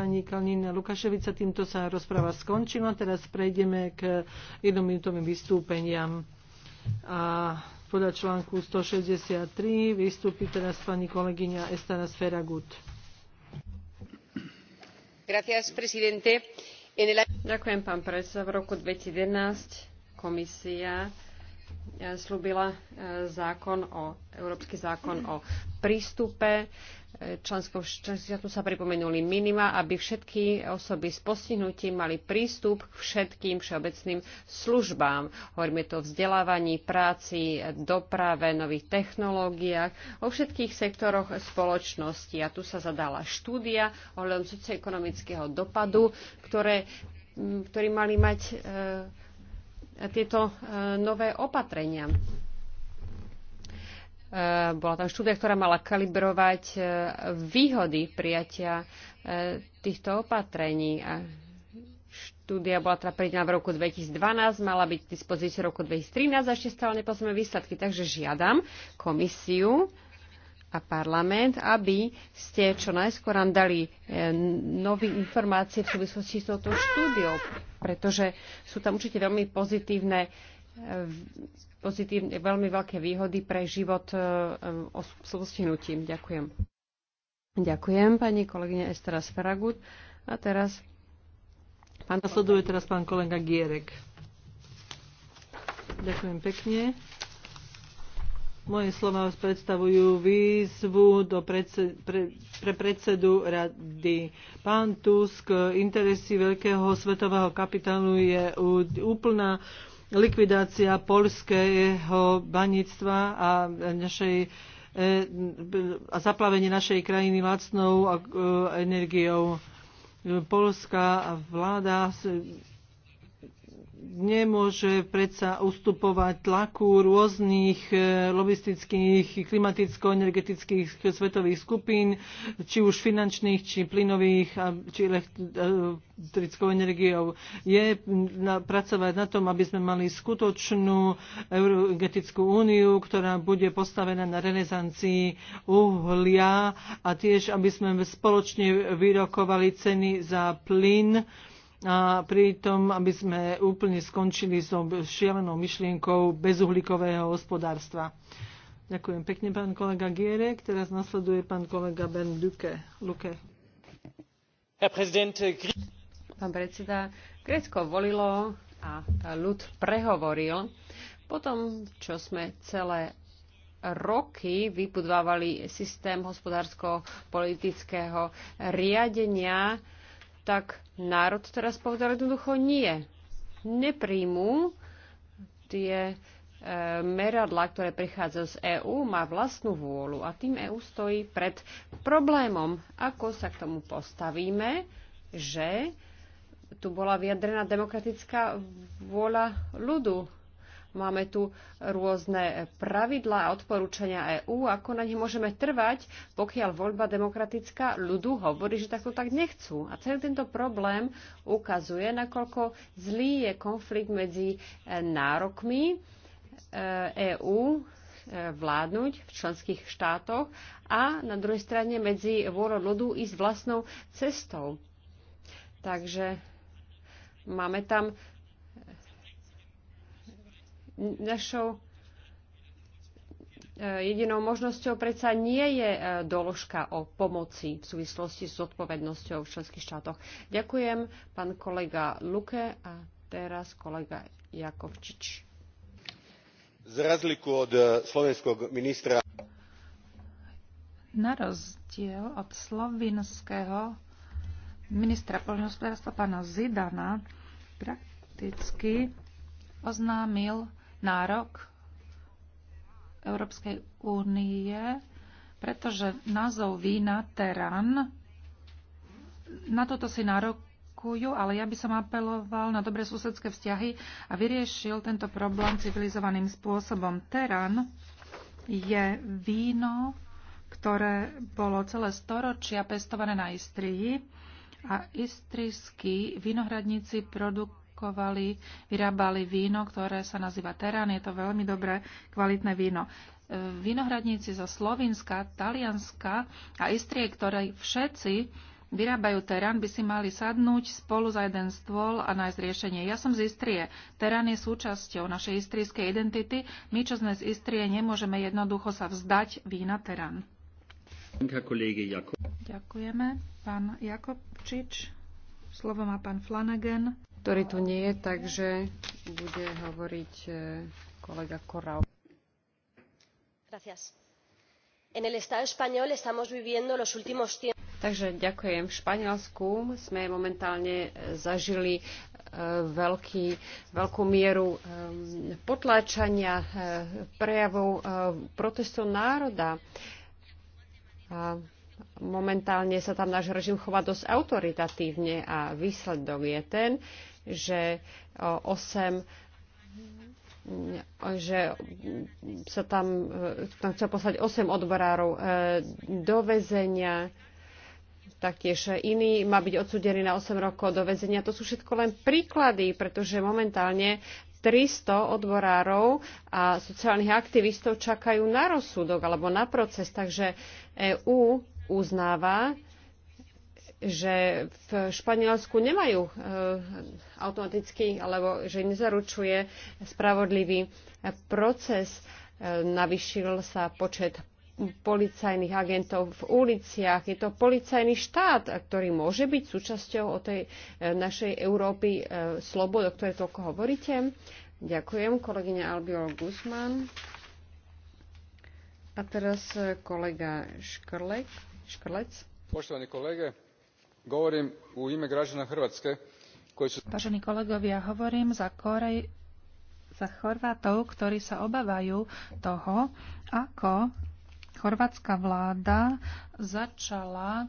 pani Kalnina Lukaševica. Týmto sa rozpráva skončila. Teraz prejdeme k jednominútovým vystúpeniam. A podľa článku 163 vystúpi teraz pani kolegyňa Estana Sferagut. Gracias, presidente. Ďakujem, pán predseda. V roku 2011 komisia eh, slúbila eh, zákon o, Európsky zákon o prístupe členských štátov sa pripomenuli minima, aby všetky osoby s postihnutím mali prístup k všetkým všeobecným službám. Hovoríme to o vzdelávaní, práci, doprave, nových technológiách, o všetkých sektoroch spoločnosti. A tu sa zadala štúdia ohľadom socioekonomického dopadu, ktoré, ktorý mali mať e, tieto e, nové opatrenia. Eh, bola tam štúdia, ktorá mala kalibrovať eh, výhody prijatia eh, týchto opatrení. A štúdia bola teda pridená v roku 2012, mala byť k dispozícii v roku 2013 a ešte stále nepoznáme výsledky. Takže žiadam komisiu a parlament, aby ste čo najskôr nám dali nové informácie v súvislosti s touto štúdiou, pretože sú tam určite veľmi pozitívne pozitívne, veľmi veľké výhody pre život e, e, s postihnutím. Ďakujem. Ďakujem pani kolegyne Estera Sferagut. A teraz pán... Nasleduje teraz pán kolega Gierek. Ďakujem pekne. Moje slova predstavujú výzvu do predse, pre, pre predsedu rady. Pán Tusk, interesy veľkého svetového kapitálu je úplná likvidácia polského baníctva a našej e, a zaplavenie našej krajiny lacnou e, energiou. Polská vláda nemôže predsa ustupovať tlaku rôznych e, lobistických, klimaticko-energetických svetových skupín, či už finančných, či plynových, či e, elektrickou energiou. Je pracovať na tom, aby sme mali skutočnú energetickú úniu, ktorá bude postavená na renesancii uhlia a tiež, aby sme spoločne vyrokovali ceny za plyn, a tom, aby sme úplne skončili s so šialenou myšlienkou bezuhlíkového hospodárstva. Ďakujem pekne, pán kolega Gierek. Teraz nasleduje pán kolega Ben Luke. Luke. Äh, pán predseda, Grécko volilo a ľud prehovoril. Potom, čo sme celé roky vypudvávali systém hospodársko-politického riadenia, tak národ teraz povedal jednoducho nie. Nepríjmu tie e, meradla, ktoré prichádzajú z EÚ, má vlastnú vôľu a tým EÚ stojí pred problémom, ako sa k tomu postavíme, že tu bola vyjadrená demokratická vôľa ľudu Máme tu rôzne pravidlá a odporúčania EÚ, ako na nich môžeme trvať, pokiaľ voľba demokratická ľudu hovorí, že takto tak nechcú. A celý tento problém ukazuje, nakoľko zlý je konflikt medzi e, nárokmi EÚ e e, vládnuť v členských štátoch a na druhej strane medzi vôľou ľudu ísť vlastnou cestou. Takže máme tam Našou e, jedinou možnosťou predsa nie je e, doložka o pomoci v súvislosti s odpovednosťou v členských štátoch. Ďakujem, pán kolega Luke a teraz kolega Jakovčič. Za razliku od e, slovenského ministra na rozdiel od slovinského ministra poľnohospodárstva pána Zidana prakticky oznámil nárok Európskej únie, pretože názov vína Teran, na toto si nárokujú, ale ja by som apeloval na dobre susedské vzťahy a vyriešil tento problém civilizovaným spôsobom. Teran je víno, ktoré bolo celé storočia pestované na Istrii a istrijskí vinohradníci produkujú produkovali, vyrábali víno, ktoré sa nazýva Terán. Je to veľmi dobré, kvalitné víno. E, vinohradníci zo Slovinska, Talianska a Istrie, ktoré všetci vyrábajú terán, by si mali sadnúť spolu za jeden stôl a nájsť riešenie. Ja som z Istrie. Terán je súčasťou našej istrijskej identity. My, čo sme z Istrie, nemôžeme jednoducho sa vzdať vína terán. Ďakujeme. Pán Jakobčič. Slovo má pán Flanagan ktorý tu nie je, takže bude hovoriť e, kolega Korau. Takže ďakujem. V Španielsku sme momentálne e, zažili e, veľký, veľkú mieru potláčania prejavov protestov národa. A momentálne sa tam náš režim chová dosť autoritatívne a výsledok je ten, že 8 že sa tam, e, tam chcel poslať 8 odborárov e, do väzenia, taktiež iný má byť odsudený na 8 rokov do väzenia. To sú všetko len príklady, pretože momentálne 300 odborárov a sociálnych aktivistov čakajú na rozsudok alebo na proces. Takže EÚ uznáva, že v Španielsku nemajú e, automaticky, alebo že nezaručuje spravodlivý proces. E, navyšil sa počet policajných agentov v uliciach. Je to policajný štát, ktorý môže byť súčasťou o tej e, našej Európy slobod, o ktorej toľko hovoríte. Ďakujem, kolegyňa Albiol Guzman. A teraz kolega Škrlek poštovani kolege govorim u ime građana hrvatske koji su. vážení kolegovia hovorím za, za chorvátov ktorí sa obávajú toho ako chorvátska vláda začala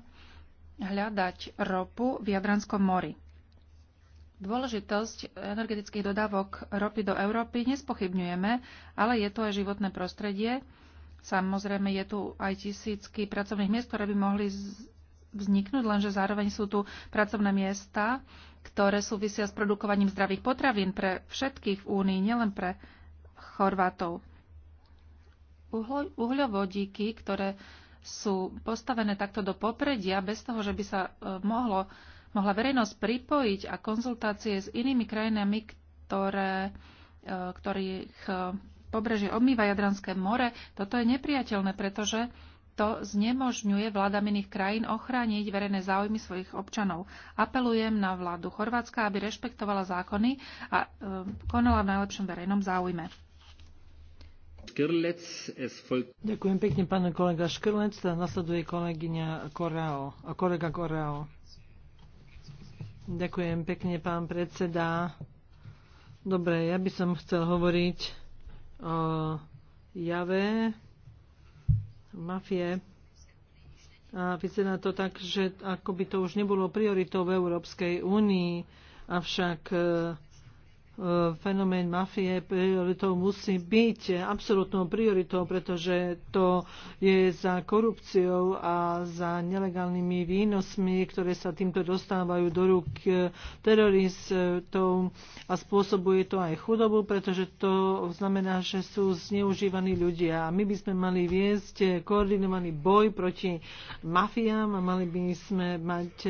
hľadať ropu v Jadranskom mori. Dôležitosť energetických dodávok ropy do Európy nespochybňujeme, ale je to aj životné prostredie, Samozrejme, je tu aj tisícky pracovných miest, ktoré by mohli vzniknúť, lenže zároveň sú tu pracovné miesta, ktoré súvisia s produkovaním zdravých potravín pre všetkých v Únii, nielen pre Chorvátov. Uhľovodíky, ktoré sú postavené takto do popredia, bez toho, že by sa e, mohlo, mohla verejnosť pripojiť a konzultácie s inými krajinami, ktoré, e, ktorých pobrežie obmýva Jadranské more, toto je nepriateľné, pretože to znemožňuje vládam iných krajín ochrániť verejné záujmy svojich občanov. Apelujem na vládu Chorvátska, aby rešpektovala zákony a e, konala v najlepšom verejnom záujme. Ďakujem pekne, pán kolega Škrlec. Nasleduje kolegyňa Korao, kolega Korao. Ďakujem pekne, pán predseda. Dobre, ja by som chcel hovoriť o jave mafie. A vyzerá to tak, že ako by to už nebolo prioritou v Európskej únii, avšak e, E, fenomén mafie prioritou musí byť absolútnou prioritou, pretože to je za korupciou a za nelegálnymi výnosmi, ktoré sa týmto dostávajú do rúk e, teroristov a spôsobuje to aj chudobu, pretože to znamená, že sú zneužívaní ľudia. A my by sme mali viesť koordinovaný boj proti mafiám a mali by sme mať e,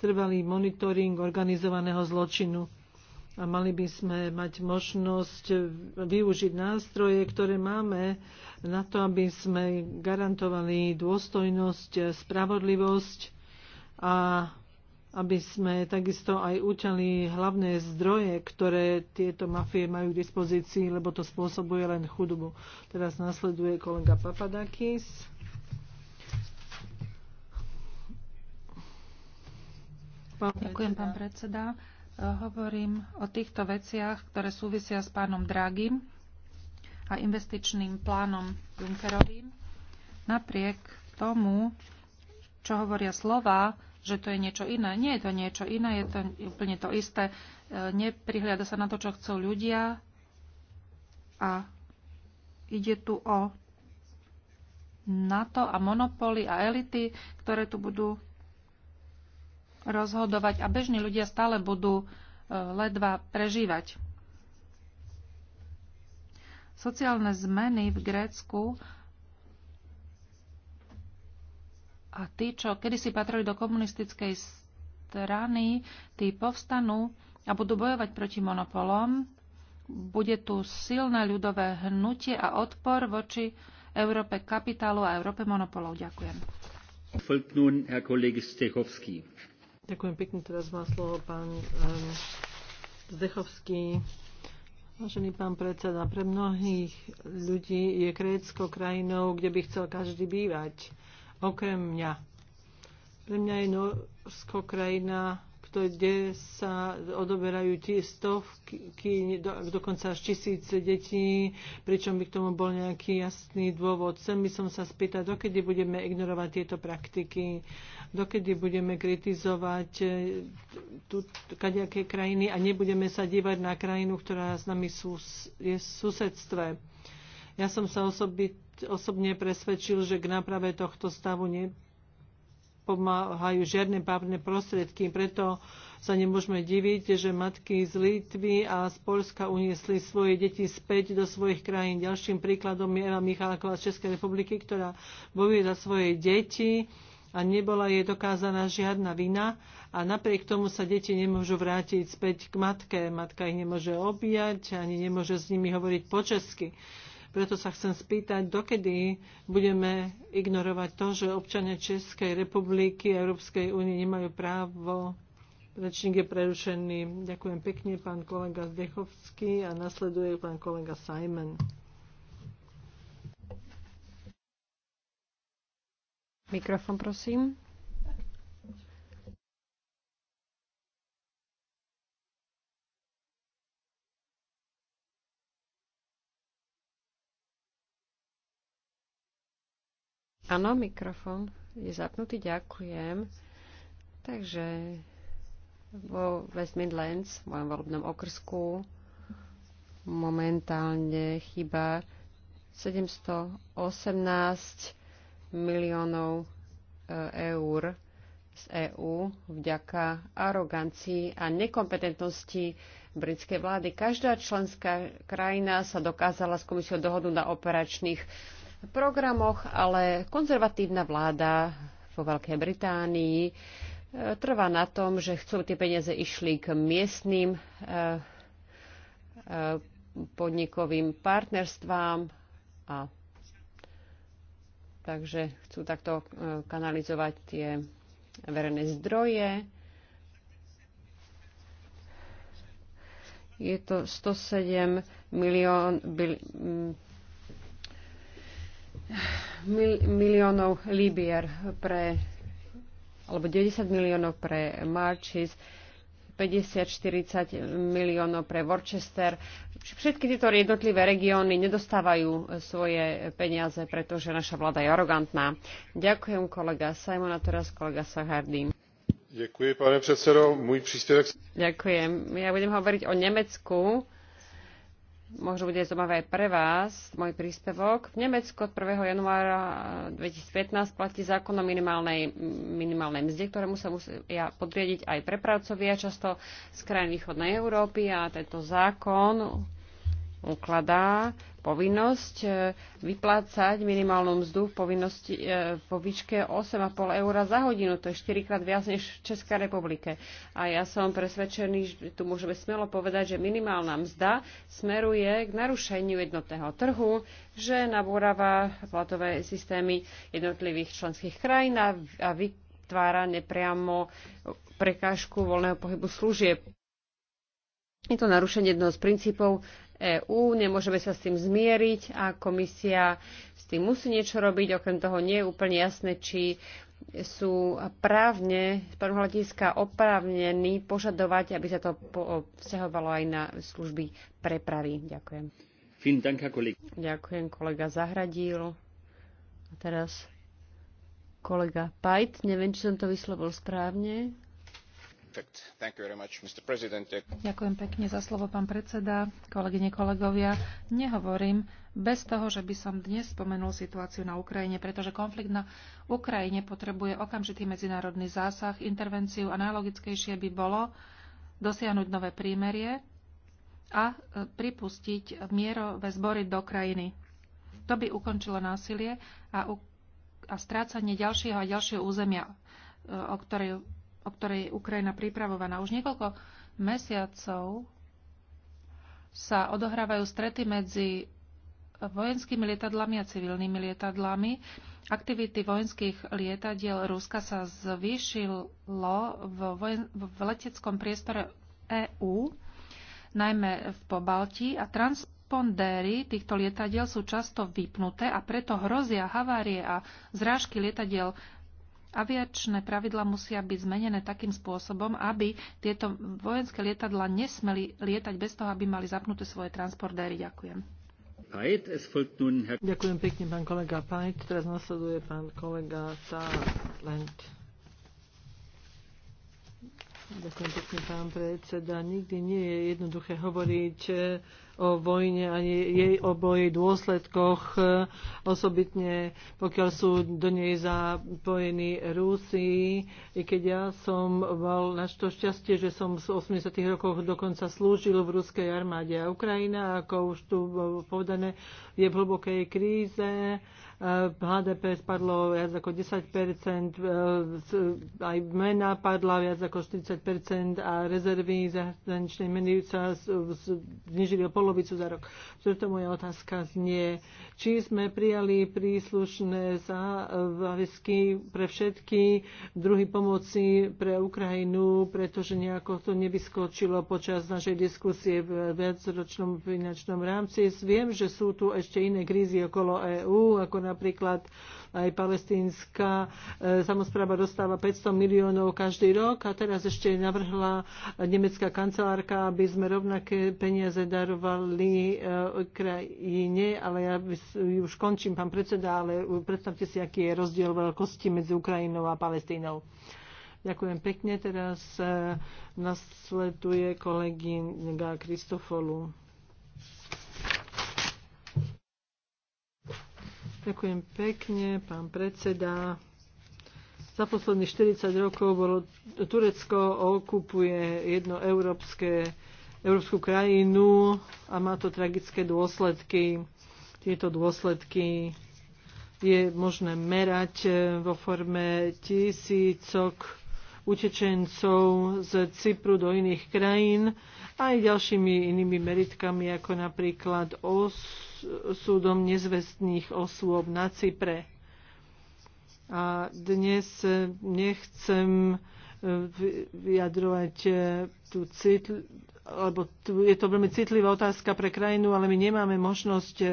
trvalý monitoring organizovaného zločinu a mali by sme mať možnosť využiť nástroje, ktoré máme na to, aby sme garantovali dôstojnosť, spravodlivosť a aby sme takisto aj uťali hlavné zdroje, ktoré tieto mafie majú k dispozícii, lebo to spôsobuje len chudobu. Teraz nasleduje kolega Papadakis. Pán Ďakujem, pán predseda. Hovorím o týchto veciach, ktoré súvisia s pánom Dragim a investičným plánom Junckerovým. Napriek tomu, čo hovoria slova, že to je niečo iné. Nie je to niečo iné, je to úplne to isté. E, neprihliada sa na to, čo chcú ľudia a ide tu o NATO a monopoly a elity, ktoré tu budú rozhodovať a bežní ľudia stále budú e, ledva prežívať. Sociálne zmeny v Grécku a tí, čo kedysi patrili do komunistickej strany, tí povstanú a budú bojovať proti monopolom. Bude tu silné ľudové hnutie a odpor voči Európe kapitálu a Európe monopolov. Ďakujem. Folgt nun Herr Kollege Stechowski. Ďakujem pekne, teraz má slovo pán um, Zdechovský. Vážený pán predseda, pre mnohých ľudí je Krécko krajinou, kde by chcel každý bývať, okrem mňa. Pre mňa je Norsko krajina, kde sa odoberajú tie stovky, do, dokonca až tisíce detí, pričom by k tomu bol nejaký jasný dôvod. Chcem by som sa spýtať, dokedy budeme ignorovať tieto praktiky, dokedy budeme kritizovať e, tu, kadejaké krajiny a nebudeme sa dívať na krajinu, ktorá s nami sú, je v susedstve. Ja som sa osobi, osobne presvedčil, že k náprave tohto stavu ne, nepomáhajú žiadne právne prostriedky, preto sa nemôžeme diviť, že matky z Litvy a z Polska uniesli svoje deti späť do svojich krajín. Ďalším príkladom je Eva Michalková z Českej republiky, ktorá bojuje za svoje deti a nebola jej dokázaná žiadna vina a napriek tomu sa deti nemôžu vrátiť späť k matke. Matka ich nemôže objať ani nemôže s nimi hovoriť po česky. Preto sa chcem spýtať, dokedy budeme ignorovať to, že občania Českej republiky a Európskej únie nemajú právo Rečník je prerušený. Ďakujem pekne, pán kolega Zdechovský a nasleduje pán kolega Simon. Mikrofon, prosím. Áno, mikrofón je zapnutý, ďakujem. Takže vo West Midlands, v mojom volebnom okrsku, momentálne chyba 718 miliónov e, eur z EÚ vďaka arogancii a nekompetentnosti britskej vlády. Každá členská krajina sa dokázala s komisiou dohodnúť na operačných programoch, ale konzervatívna vláda vo Veľkej Británii e, trvá na tom, že chcú tie peniaze išli k miestným e, e, podnikovým partnerstvám a takže chcú takto kanalizovať tie verejné zdroje. Je to 107 milión, mil, miliónov libier pre, alebo 90 miliónov pre Marchis, 50-40 miliónov pre Worcester. Všetky tieto jednotlivé regióny nedostávajú svoje peniaze, pretože naša vláda je arogantná. Ďakujem kolega Simon a teraz kolega Sahardín. Ďakujem, pane predsedo. Môj príspevok... Ďakujem. Ja budem hovoriť o Nemecku možno bude zaujímavé aj pre vás, môj príspevok. V Nemecku od 1. januára 2015 platí zákon o minimálnej, minimálnej mzde, ktorému sa musia podriediť aj prepravcovia, často z krajín východnej Európy a tento zákon ukladá povinnosť e, vyplácať minimálnu mzdu v, povinnosti, e, po výške 8,5 eur za hodinu. To je 4 krát viac než v Českej republike. A ja som presvedčený, že tu môžeme smelo povedať, že minimálna mzda smeruje k narušeniu jednotného trhu, že nabúrava platové systémy jednotlivých členských krajín a vytvára nepriamo prekážku voľného pohybu služieb. Je to narušenie jednoho z princípov EÚ, nemôžeme sa s tým zmieriť a komisia s tým musí niečo robiť. Okrem toho nie je úplne jasné, či sú právne, z prvého hľadiska oprávnení požadovať, aby sa to vzťahovalo aj na služby prepravy. Ďakujem. Ďakujem, kolega Zahradil. A teraz kolega Pajt, neviem, či som to vyslovil správne. Ďakujem pekne za slovo, pán predseda, kolegyne, kolegovia. Nehovorím bez toho, že by som dnes spomenul situáciu na Ukrajine, pretože konflikt na Ukrajine potrebuje okamžitý medzinárodný zásah, intervenciu a najlogickejšie by bolo dosiahnuť nové prímerie a e, pripustiť mierové zbory do krajiny. To by ukončilo násilie a, a strácanie ďalšieho a ďalšieho územia, e, o ktorej o ktorej je Ukrajina pripravovaná. Už niekoľko mesiacov sa odohrávajú strety medzi vojenskými lietadlami a civilnými lietadlami. Aktivity vojenských lietadiel Ruska sa zvýšilo v, vojen- v leteckom priestore EÚ, najmä v Pobalti, a transpondéry týchto lietadiel sú často vypnuté a preto hrozia havárie a zrážky lietadiel Aviačné pravidla musia byť zmenené takým spôsobom, aby tieto vojenské lietadla nesmeli lietať bez toho, aby mali zapnuté svoje transportéry. Ďakujem. Ďakujem pekne, pán kolega Pajt. Teraz nasleduje pán kolega Talent. Ďakujem pekne, pán predseda. Nikdy nie je jednoduché hovoriť eh, o vojne ani jej o dôsledkoch, eh, osobitne pokiaľ sú do nej zapojení Rusi. I keď ja som mal na to šťastie, že som v 80. rokoch dokonca slúžil v ruskej armáde a Ukrajina, ako už tu povedané, je v hlbokej kríze HDP spadlo viac ako 10%, e, aj mena padla viac ako 40% a rezervy zahraničnej meny sa znižili o polovicu za rok. Preto moja otázka znie, či sme prijali príslušné záväzky pre všetky druhy pomoci pre Ukrajinu, pretože nejako to nevyskočilo počas našej diskusie v viacročnom finančnom rámci. Viem, že sú tu ešte iné krízy okolo EÚ, ako napríklad aj palestínska e, samozpráva dostáva 500 miliónov každý rok a teraz ešte navrhla nemecká kancelárka, aby sme rovnaké peniaze darovali e, krajine, ale ja už končím, pán predseda, ale predstavte si, aký je rozdiel veľkosti medzi Ukrajinou a Palestínou. Ďakujem pekne. Teraz e, nasleduje kolegyňa Kristofolu. Ďakujem pekne, pán predseda. Za posledných 40 rokov bolo, Turecko okupuje jedno európske, európsku krajinu a má to tragické dôsledky. Tieto dôsledky je možné merať e, vo forme tisícok utečencov z Cypru do iných krajín aj ďalšími inými meritkami, ako napríklad os súdom nezvestných osôb na Cypre. A dnes nechcem eh, vyjadrovať eh, tú citl- lebo je to veľmi citlivá otázka pre krajinu, ale my nemáme možnosť eh,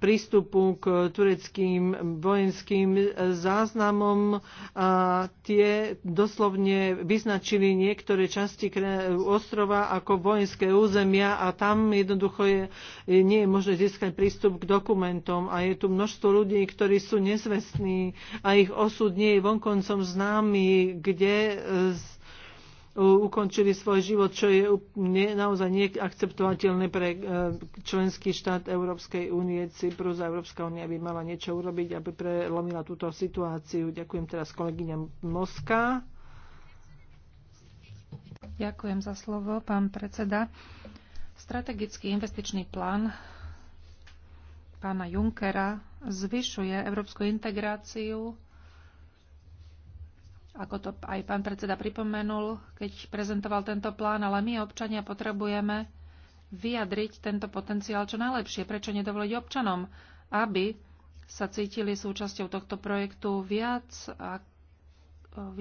prístupu k tureckým vojenským eh, záznamom. A tie doslovne vyznačili niektoré časti ostrova ako vojenské územia a tam jednoducho je, nie je možné získať prístup k dokumentom. A je tu množstvo ľudí, ktorí sú nezvestní a ich osud nie je vonkoncom známy, kde eh, ukončili svoj život, čo je ne, naozaj neakceptovateľné pre e, členský štát Európskej únie. Cyprus a Európska únia by mala niečo urobiť, aby prelomila túto situáciu. Ďakujem teraz kolegyňa Moska. Ďakujem za slovo, pán predseda. Strategický investičný plán pána Junckera zvyšuje európsku integráciu ako to aj pán predseda pripomenul, keď prezentoval tento plán, ale my, občania, potrebujeme vyjadriť tento potenciál čo najlepšie. Prečo nedovoliť občanom, aby sa cítili súčasťou tohto projektu viac a e,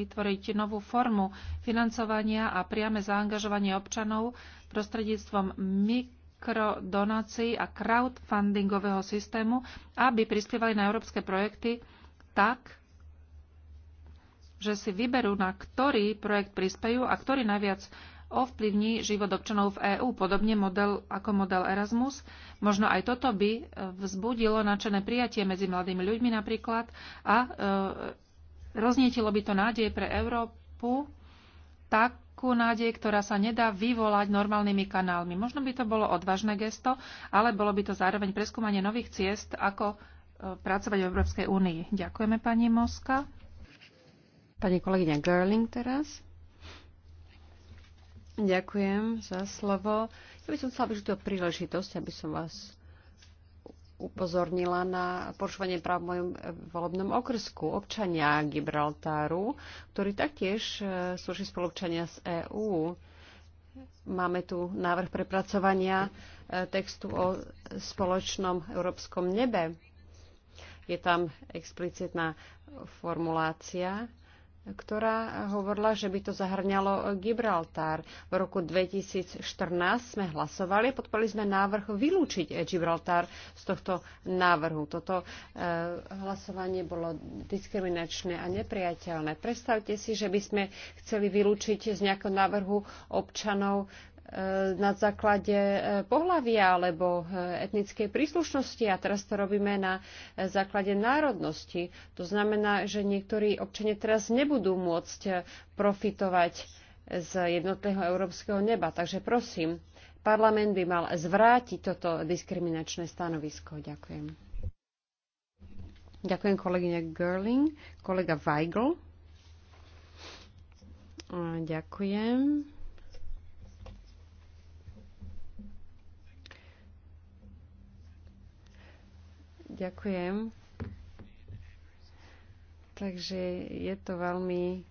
vytvoriť novú formu financovania a priame zaangažovanie občanov prostredníctvom mikrodonácií a crowdfundingového systému, aby prispievali na európske projekty tak, že si vyberú, na ktorý projekt prispejú a ktorý najviac ovplyvní život občanov v EÚ, podobne model, ako model Erasmus. Možno aj toto by e, vzbudilo načené prijatie medzi mladými ľuďmi napríklad a e, roznietilo by to nádej pre Európu, takú nádej, ktorá sa nedá vyvolať normálnymi kanálmi. Možno by to bolo odvážne gesto, ale bolo by to zároveň preskúmanie nových ciest, ako e, pracovať v Európskej únii. Ďakujeme, pani Moska. Pani kolegyňa Gerling teraz. Ďakujem za slovo. Ja by som chcela využiť tú príležitosť, aby som vás upozornila na porušovanie práv v mojom volebnom okrsku občania Gibraltáru, ktorí taktiež e, sú spolupčania z EÚ. Máme tu návrh prepracovania e, textu o spoločnom európskom nebe. Je tam explicitná formulácia, ktorá hovorila, že by to zahrňalo Gibraltar. V roku 2014 sme hlasovali, a podporili sme návrh vylúčiť Gibraltar z tohto návrhu. Toto e, hlasovanie bolo diskriminačné a nepriateľné. Predstavte si, že by sme chceli vylúčiť z nejakého návrhu občanov E, na základe e, pohlavia alebo e, etnickej príslušnosti a teraz to robíme na základe národnosti. To znamená, že niektorí občania teraz nebudú môcť profitovať z jednotného európskeho neba. Takže prosím, parlament by mal zvrátiť toto diskriminačné stanovisko. Ďakujem. Ďakujem kolegyne Girling. kolega Weigl. Ďakujem. Ďakujem. Takže je to veľmi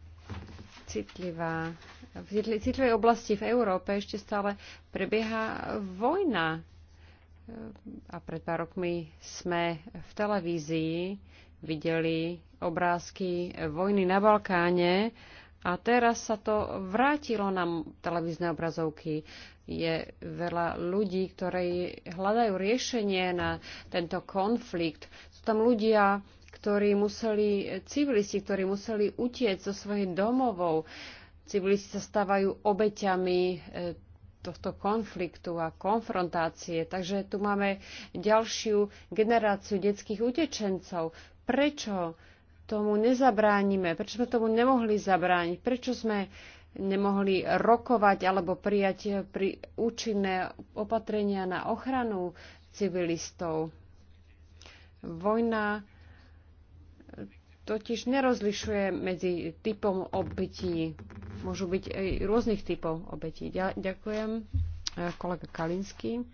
citlivá. V citlivej oblasti v Európe ešte stále prebieha vojna. A pred pár rokmi sme v televízii videli obrázky vojny na Balkáne a teraz sa to vrátilo na televízne obrazovky. Je veľa ľudí, ktorí hľadajú riešenie na tento konflikt. Sú tam ľudia, ktorí museli, civilisti, ktorí museli utiecť zo svojich domovov. Civilisti sa stávajú obeťami e, tohto konfliktu a konfrontácie. Takže tu máme ďalšiu generáciu detských utečencov. Prečo tomu nezabránime? Prečo sme tomu nemohli zabrániť? Prečo sme nemohli rokovať alebo prijať pri účinné opatrenia na ochranu civilistov? Vojna totiž nerozlišuje medzi typom obetí. Môžu byť aj rôznych typov obetí. Ďakujem, e, kolega Kalinsky.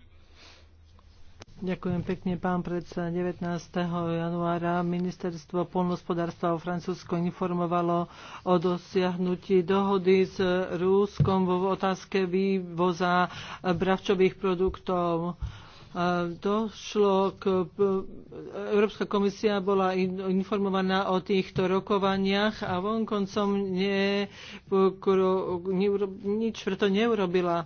Ďakujem pekne, pán predseda. 19. januára ministerstvo polnospodárstva o Francúzsko informovalo o dosiahnutí dohody s Rúskom v otázke vývoza bravčových produktov došlo k... Európska komisia bola informovaná o týchto rokovaniach a vonkoncom nie, nič preto neurobila.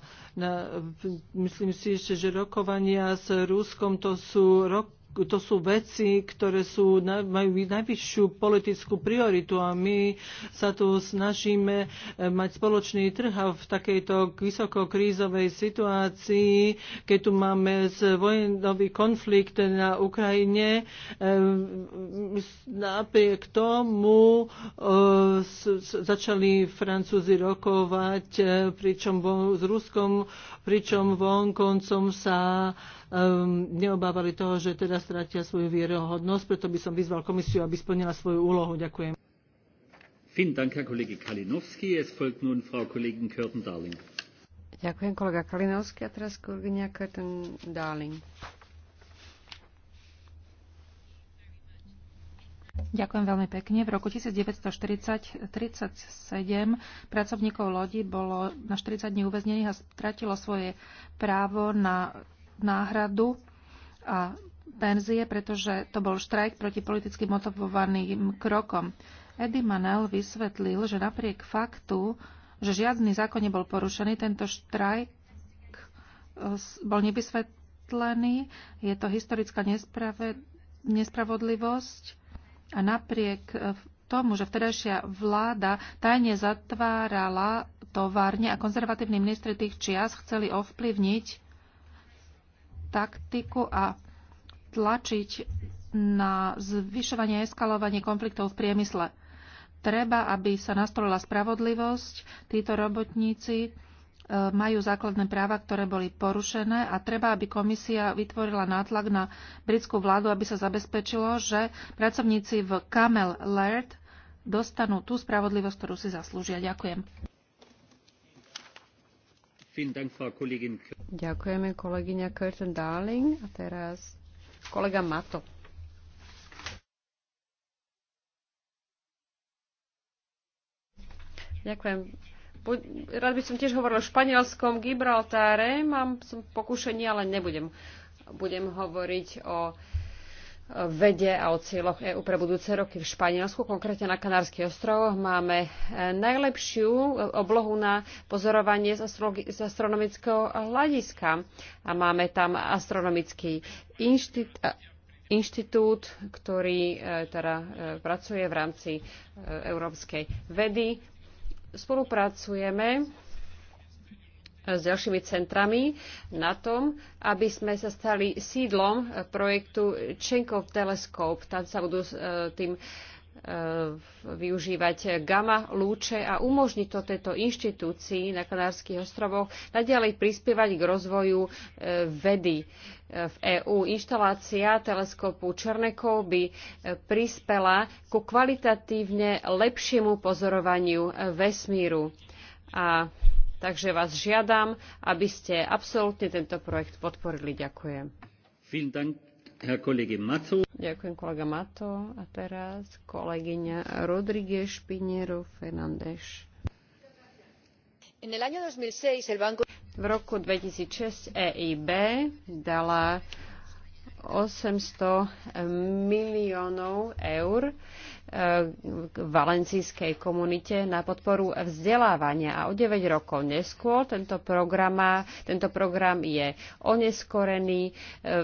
Myslím si ešte, že rokovania s Ruskom to sú rok to sú veci, ktoré sú, majú najvyššiu politickú prioritu a my sa tu snažíme eh, mať spoločný trh a v takejto vysokokrízovej situácii, keď tu máme vojnový konflikt na Ukrajine, eh, napriek tomu eh, začali Francúzi rokovať, pričom s Ruskom, pričom vonkoncom sa um, neobávali toho, že teda stratia svoju vierohodnosť, preto by som vyzval komisiu, aby splnila svoju úlohu. Ďakujem. Vielen Dank, Herr Kollege Kalinowski. Es folgt nun Frau Kollegin Körten-Darling. Ďakujem kolega Kalinowski. a teraz kolegyňa körten Darling. Ďakujem veľmi pekne. V roku 1947 pracovníkov lodi bolo na 40 dní uväznených a stratilo svoje právo na náhradu a penzie, pretože to bol štrajk proti politicky motivovaným krokom. Eddie Manel vysvetlil, že napriek faktu, že žiadny zákon nebol porušený, tento štrajk eh, bol nevysvetlený. Je to historická nesprave, nespravodlivosť a napriek eh, tomu, že vtedajšia vláda tajne zatvárala továrne a konzervatívni ministri tých čias chceli ovplyvniť taktiku a tlačiť na zvyšovanie a eskalovanie konfliktov v priemysle. Treba, aby sa nastolila spravodlivosť. Títo robotníci e, majú základné práva, ktoré boli porušené a treba, aby komisia vytvorila nátlak na britskú vládu, aby sa zabezpečilo, že pracovníci v Camel Laird dostanú tú spravodlivosť, ktorú si zaslúžia. Ďakujem. Ďakujeme kolegyňa Curtin Darling a teraz kolega Mato. Ďakujem. Rád by som tiež hovoril o španielskom Gibraltáre. Mám som pokušenie, ale nebudem. Budem hovoriť o vede a o cieľoch EÚ pre budúce roky v Španielsku, konkrétne na Kanárskych ostrovoch, máme e, najlepšiu e, oblohu na pozorovanie z, z astronomického hľadiska. A máme tam astronomický inštitút, e, inštitút ktorý teda pracuje v rámci európskej vedy. Spolupracujeme s ďalšími centrami na tom, aby sme sa stali sídlom projektu Chenkov Teleskop. Tam sa budú e, tým e, využívať gamma lúče a umožniť to tejto inštitúcii na Kanárskych ostrovoch naďalej prispievať k rozvoju e, vedy v EÚ. Inštalácia teleskopu Černekov by prispela ku kvalitatívne lepšiemu pozorovaniu vesmíru. A Takže vás žiadam, aby ste absolútne tento projekt podporili. Ďakujem. Ďakujem kolega Mato. A teraz kolegyňa Rodríguez Pinheiro Fernández. V roku 2006 EIB dala 800 miliónov eur valencijskej komunite na podporu vzdelávania. A o 9 rokov neskôr tento program, tento program je oneskorený, e,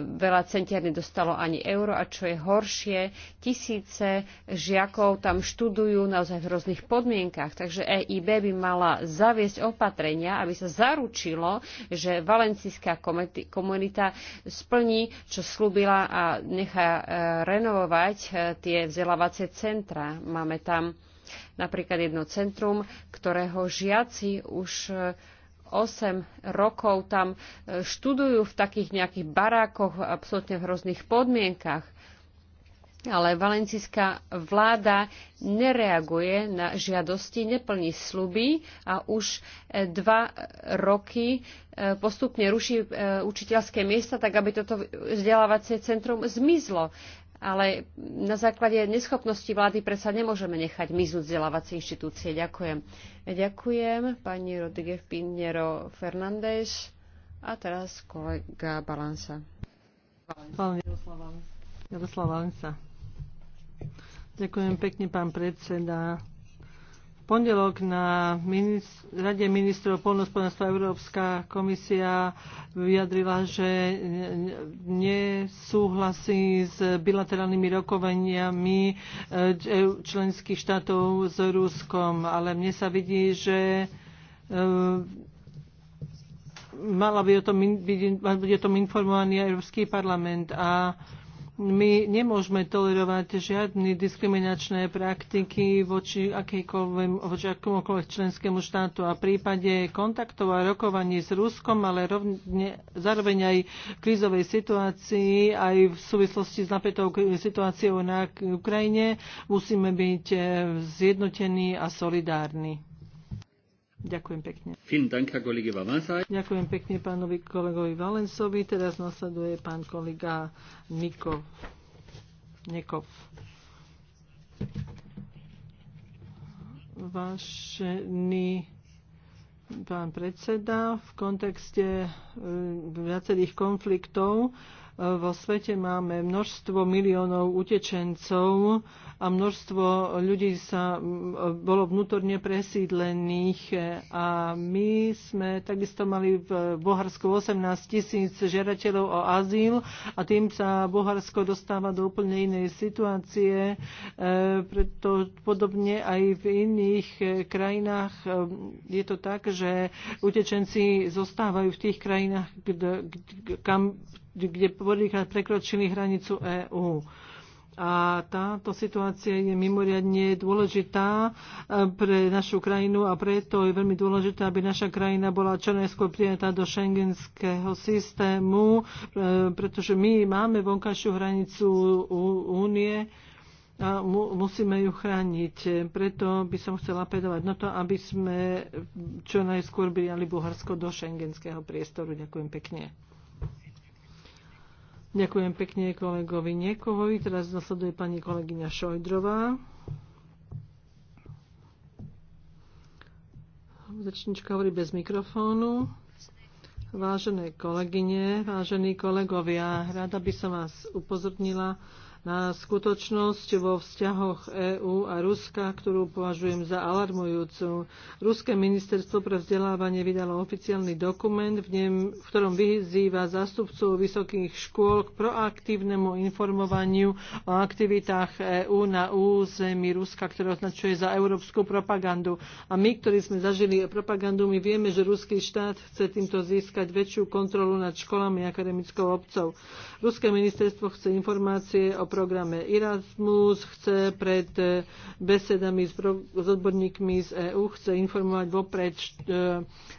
veľa centier nedostalo ani euro a čo je horšie, tisíce žiakov tam študujú naozaj v rôznych podmienkach. Takže EIB by mala zaviesť opatrenia, aby sa zaručilo, že valencijská komunita splní, čo slúbila a nechá e, renovovať e, tie vzdelávacie centra centra. Máme tam napríklad jedno centrum, ktorého žiaci už 8 e, rokov tam e, študujú v takých nejakých barákoch v absolútne v hrozných podmienkach. Ale valencijská vláda nereaguje na žiadosti, neplní sluby a už e, dva roky postupne ruší učiteľské miesta, tak aby toto vzdelávacie centrum zmizlo ale na základe neschopnosti vlády predsa nemôžeme nechať miznúť vzdelávacie inštitúcie. Ďakujem. Ďakujem pani Rodríguez Pinero Fernández a teraz kolega Balansa. Pán Jaroslav Ďakujem pekne, pán predseda pondelok na Rade ministrov polnospodárstva Európska komisia vyjadrila, že nesúhlasí s bilaterálnymi rokovaniami e, členských štátov s Ruskom, ale mne sa vidí, že e, mala by o tom, byť, o tom informovaný Európsky parlament a my nemôžeme tolerovať žiadne diskriminačné praktiky voči, voči akémukoľvek členskému štátu a v prípade kontaktov a rokovaní s Ruskom, ale rovne, zároveň aj v krízovej situácii, aj v súvislosti s napätou situáciou na Ukrajine musíme byť eh, zjednotení a solidárni. Ďakujem pekne. Vielen Dank, Herr Kollege Ďakujem pekne pánovi kolegovi Valensovi. Teraz nasleduje pán kolega Nikov. Nekov. Vážený pán predseda, v kontexte Mm, viacerých konfliktov. E, vo svete máme množstvo miliónov utečencov a množstvo ľudí sa bolo vnútorne presídlených e, a my sme takisto mali v Boharsku 18 tisíc žiadateľov o azyl a tým sa Boharsko dostáva do úplne inej situácie, e, preto podobne aj v iných krajinách je to tak, že utečenci zostávajú v tých krajinách, krajinách, kde, kam, kde prvýkrát prekročili hranicu EÚ. A táto situácia je mimoriadne dôležitá eh, pre našu krajinu a preto je veľmi dôležité, aby naša krajina bola čo najskôr prijatá do šengenského systému, eh, pretože my máme vonkajšiu hranicu únie a mu, musíme ju chrániť. Preto by som chcela pedovať na to, aby sme čo najskôr prijali Bulharsko do šengenského priestoru. Ďakujem pekne. Ďakujem pekne kolegovi Niekovovi. Teraz nasleduje pani kolegyňa Šojdrová. Začnička hovorí bez mikrofónu. Vážené kolegyne, vážení kolegovia, rada by som vás upozornila, na skutočnosť vo vzťahoch EÚ a Ruska, ktorú považujem za alarmujúcu. Ruské ministerstvo pre vzdelávanie vydalo oficiálny dokument, v, nem, v ktorom vyzýva zástupcov vysokých škôl k proaktívnemu informovaniu o aktivitách EÚ na území Ruska, ktoré označuje za európsku propagandu. A my, ktorí sme zažili propagandu, my vieme, že ruský štát chce týmto získať väčšiu kontrolu nad školami a akademickou obcov. Ruské ministerstvo chce informácie o programe Erasmus, chce pred e, besedami s, odborníkmi z EÚ, chce informovať vopred e,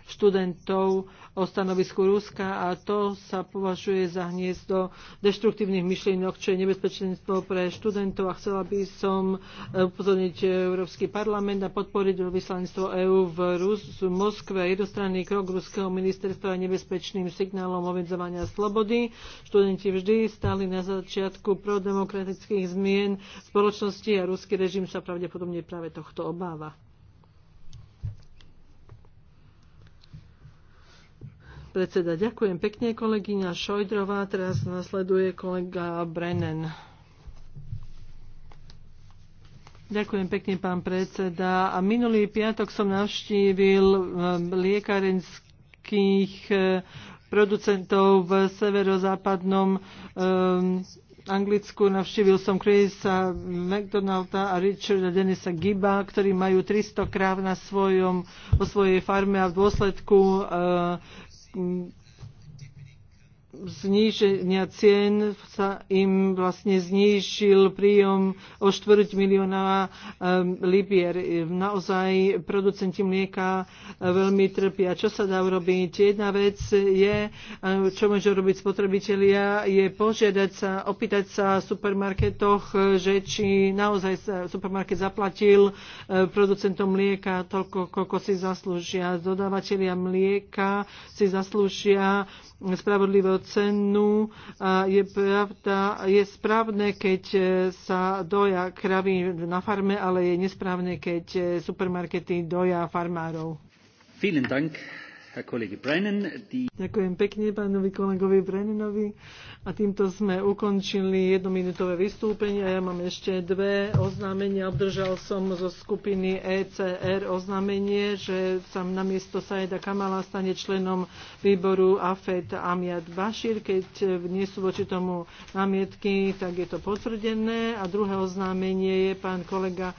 študentov o stanovisku Ruska a to sa považuje za hniezdo deštruktívnych myšlienok, čo je nebezpečenstvo pre študentov a chcela by som e, upozorniť Európsky parlament a podporiť vyslanstvo EÚ v Rus- v Moskve. Jednostranný krok ruského ministerstva je nebezpečným signálom obmedzovania slobody. Študenti vždy stali na začiatku prodemokratického demokratických zmien spoločnosti a ruský režim sa pravdepodobne práve tohto obáva. Predseda, ďakujem pekne kolegyňa Šojdrová. Teraz nasleduje kolega Brennan. Ďakujem pekne, pán predseda. A minulý piatok som navštívil um, liekarenských eh, producentov v severozápadnom um, Anglicku, navštívil som Chrisa McDonalda a Richarda Denisa Giba, ktorí majú 300 kráv na svojom, o svojej farme a v dôsledku uh, zníženia cien sa im vlastne znížil príjom o štvrť milióna ehm, libier. Naozaj producenti mlieka eh, veľmi trpia. Čo sa dá urobiť? Jedna vec je, eh, čo môžu robiť spotrebitelia, je požiadať sa, opýtať sa v supermarketoch, eh, že či naozaj supermarket zaplatil producentom mlieka toľko, koľko si zaslúžia. Dodávateľia mlieka si zaslúžia spravodlivú cenu a je, pravda, je správne, keď sa doja kravy na farme, ale je nesprávne, keď supermarkety doja farmárov. Vielen Dank. Ďakujem pekne pánovi kolegovi Brennanovi. A týmto sme ukončili jednominútové vystúpenie. Ja mám ešte dve oznámenia. Obdržal som zo skupiny ECR oznámenie, že sa namiesto Saeda Kamala stane členom výboru AFED Amiad Bashir. Keď nie sú voči tomu námietky, tak je to potvrdené. A druhé oznámenie je pán kolega